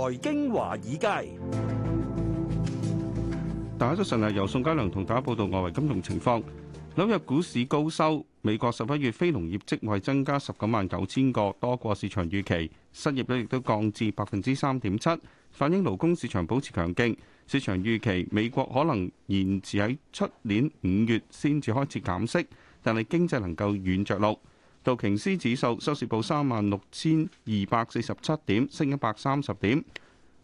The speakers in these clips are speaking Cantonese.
財經華爾街。打咗晨啊，由宋嘉良同大家報道外圍金融情況。紐約股市高收，美國十一月非農業職位增加十九萬九千個，多過市場預期。失業率亦都降至百分之三點七，反映勞工市場保持強勁。市場預期美國可能延遲喺出年五月先至開始減息，但係經濟能夠軟着陸。道瓊斯指數收市報三萬六千二百四十七點，升一百三十點。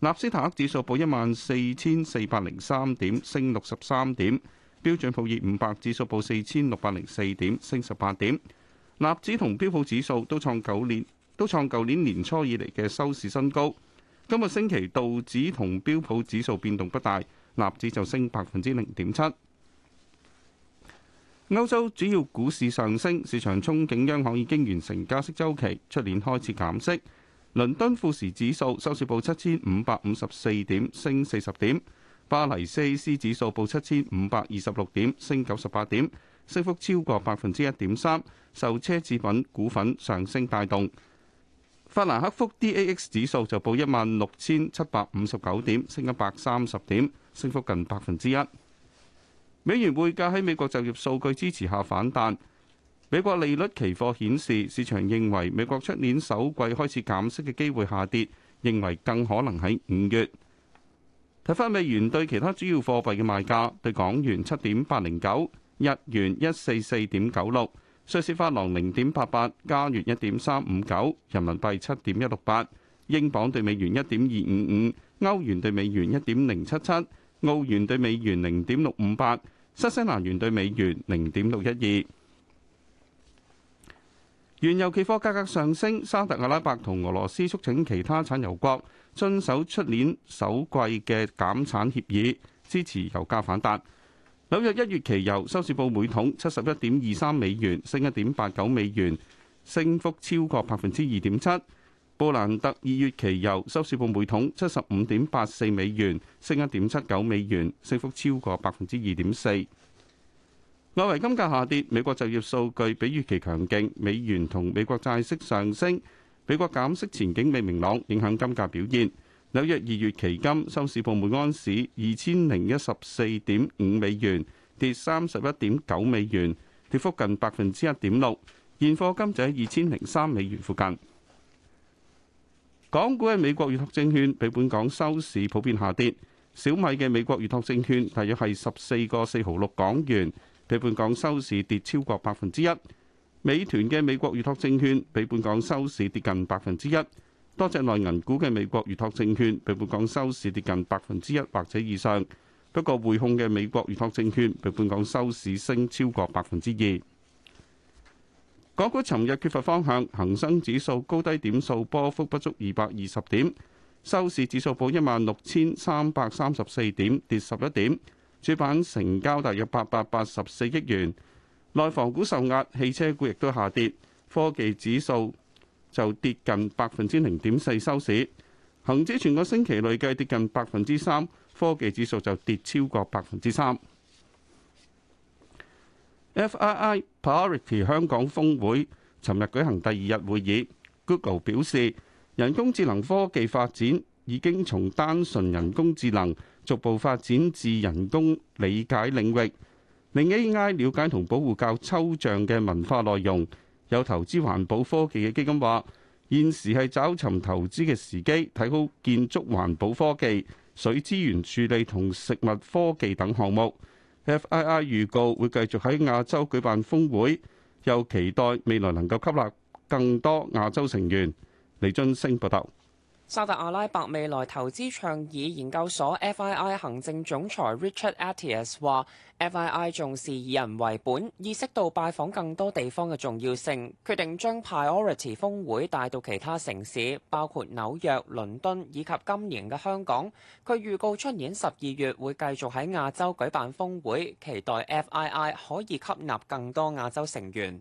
納斯達克指數報一萬四千四百零三點，升六十三點。標準普爾五百指數報四千六百零四點，升十八點。納指同標普指數都創九年都創舊年年初以嚟嘅收市新高。今個星期道指同標普指數變動不大，納指就升百分之零點七。歐洲主要股市上升，市場憧憬央行已經完成加息周期，出年開始減息。倫敦富時指數收市報七千五百五十四點，升四十點；巴黎 CAC 指數報七千五百二十六點，升九十八點，升幅超過百分之一點三，受奢侈品股份上升帶動。法蘭克福 DAX 指數就報一萬六千七百五十九點，升點升，升一百三十點，升幅近百分之一。美元匯價喺美國就業數據支持下反彈。美國利率期貨顯示市場認為美國出年首季開始減息嘅機會下跌，認為更可能喺五月。睇翻美元對其他主要貨幣嘅賣價：對港元七點八零九，日元一四四點九六，瑞士法郎零點八八，加元一點三五九，人民幣七點一六八，英鎊對美元一點二五五，歐元對美元一點零七七，澳元對美元零點六五八。新西蘭元兌美元零點六一二，原油期貨價格上升，沙特阿拉伯同俄羅斯促請其他產油國遵守出年首季嘅減產協議，支持油價反彈。紐約一月期油收市報每桶七十一點二三美元，升一點八九美元，升幅超過百分之二點七。布蘭特二月期油收市報每桶七十五點八四美元，升一點七九美元，升幅超過百分之二點四。外圍金價下跌，美國就業數據比預期強勁，美元同美國債息上升，美國減息前景未明朗，影響金價表現。紐約二月期金收市報每安士二千零一十四點五美元，跌三十一點九美元，跌幅近百分之一點六。現貨金就喺二千零三美元附近。港股嘅美國預託證券，比本港收市普遍下跌。小米嘅美國預託證券大約係十四個四毫六港元，比本港收市跌超過百分之一。美團嘅美國預託證券比本港收市跌近百分之一。多隻內銀股嘅美國預託證券比本港收市跌近百分之一或者以上。不過匯控嘅美國預託證券比本港收市升超過百分之二。港股尋日缺乏方向，恒生指數高低點數波幅不足二百二十點，收市指數報一萬六千三百三十四點，跌十一點。主板成交大約八百八十四億元，內房股受壓，汽車股亦都下跌，科技指數就跌近百分之零點四收市。恒指全個星期累計跌近百分之三，科技指數就跌超過百分之三。FII Priority 香港峰會尋日舉行第二日會議，Google 表示人工智能科技發展已經從單純人工智能逐步發展至人工理解領域，令 AI 了解同保護較抽象嘅文化內容。有投資環保科技嘅基金話，現時係找尋投資嘅時機，睇好建築環保科技、水資源處理同食物科技等項目。FII 預告會繼續喺亞洲舉辦峰會，又期待未來能夠吸納更多亞洲成員。李俊升報道。沙特阿拉伯未來投資倡議研究所 FII 行政總裁 Richard Atias 話，FII 重視以人為本，意識到拜訪更多地方嘅重要性，決定將 Priority 峯會帶到其他城市，包括紐約、倫敦以及今年嘅香港。佢預告，出年十二月會繼續喺亞洲舉辦峯會，期待 FII 可以吸納更多亞洲成員。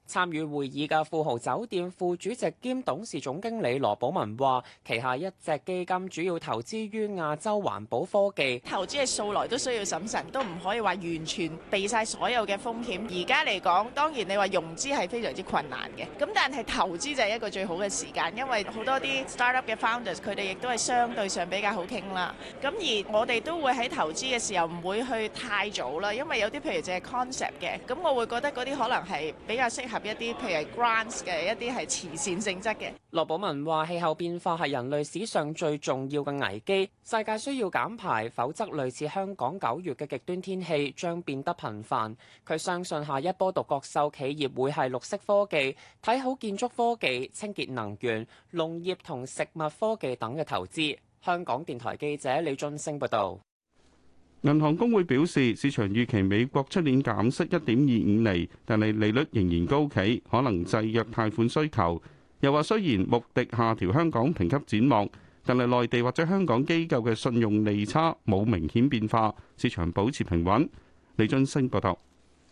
參與會議嘅富豪酒店副主席兼董事總經理羅寶文話，旗下一隻基金主要投資於亞洲環保科技。投資嘅素來都需要審慎，都唔可以話完全避曬所有嘅風險。而家嚟講，當然你話融資係非常之困難嘅。咁但係投資就係一個最好嘅時間，因為好多啲 startup 嘅 founders，佢哋亦都係相對上比較好傾啦。咁而我哋都會喺投資嘅時候唔會去太早啦，因為有啲譬如就係 concept 嘅，咁我會覺得嗰啲可能係比較適合。一啲，譬如係 grants 嘅一啲係慈善性質嘅。羅寶文話：氣候變化係人類史上最重要嘅危機，世界需要減排，否則類似香港九月嘅極端天氣將變得頻繁。佢相信下一波獨角獸企業會係綠色科技、睇好建築科技、清潔能源、農業同食物科技等嘅投資。香港電台記者李俊升報道。銀行公會表示，市場預期美國出年減息一點二五釐，但係利率仍然高企，可能制約貸款需求。又話雖然穆迪下調香港評級展望，但係內地或者香港機構嘅信用利差冇明顯變化，市場保持平穩。李俊升報道。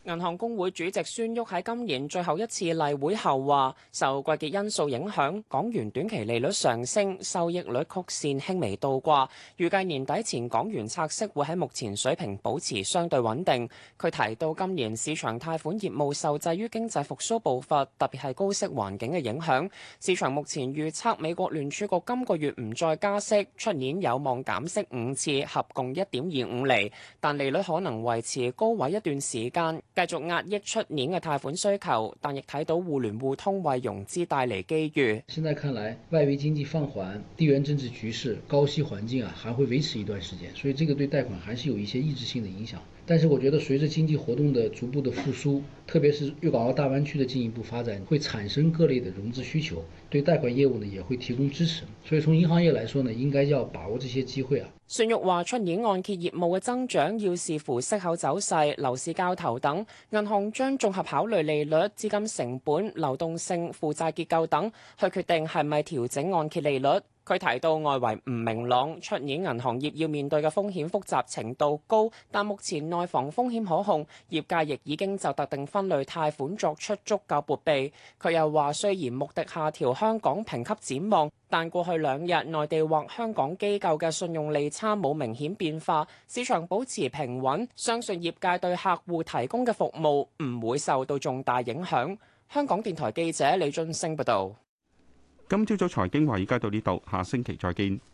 銀行公會主席孫旭喺今年最後一次例會後話，受季結因素影響，港元短期利率上升，收益率曲綫輕微倒掛。預計年底前港元拆息會喺目前水平保持相對穩定。佢提到，今年市場貸款業務受制於經濟復蘇步伐，特別係高息環境嘅影響。市場目前預測美國聯儲局今個月唔再加息，出年有望減息五次，合共一點二五釐，但利率可能維持高位一段時間，繼續壓抑出年嘅貸款需求，但亦睇到互聯互通為融資帶嚟機遇。現在看來，外圍經濟放緩、地緣政治局勢、高息環境啊，還會維持一段時間，所以這個對貸款還是有一些抑制性嘅影響。但是我覺得，隨着經濟活動的逐步的復蘇，特別是粵港澳大灣區的進一步發展，會產生各類的融資需求，對貸款業務呢也會提供支持。所以從銀行業來說呢，應該要把握這些機會啊。孫玉話，出年按揭業務嘅增長要視乎息口走勢、樓市交投等，銀行將綜合考慮利率、資金成本、流動性、負債結構等，去決定係咪調整按揭利率。佢提到外圍唔明朗，出年銀行業要面對嘅風險複雜程度高，但目前內房風險可控，業界亦已經就特定分類貸款作出足夠撥備。佢又話，雖然穆迪下調香港評級展望，但過去兩日內地或香港機構嘅信用利差冇明顯變化，市場保持平穩，相信業界對客戶提供嘅服務唔會受到重大影響。香港電台記者李俊升報道。今朝早財經華爾街到呢度，下星期再見。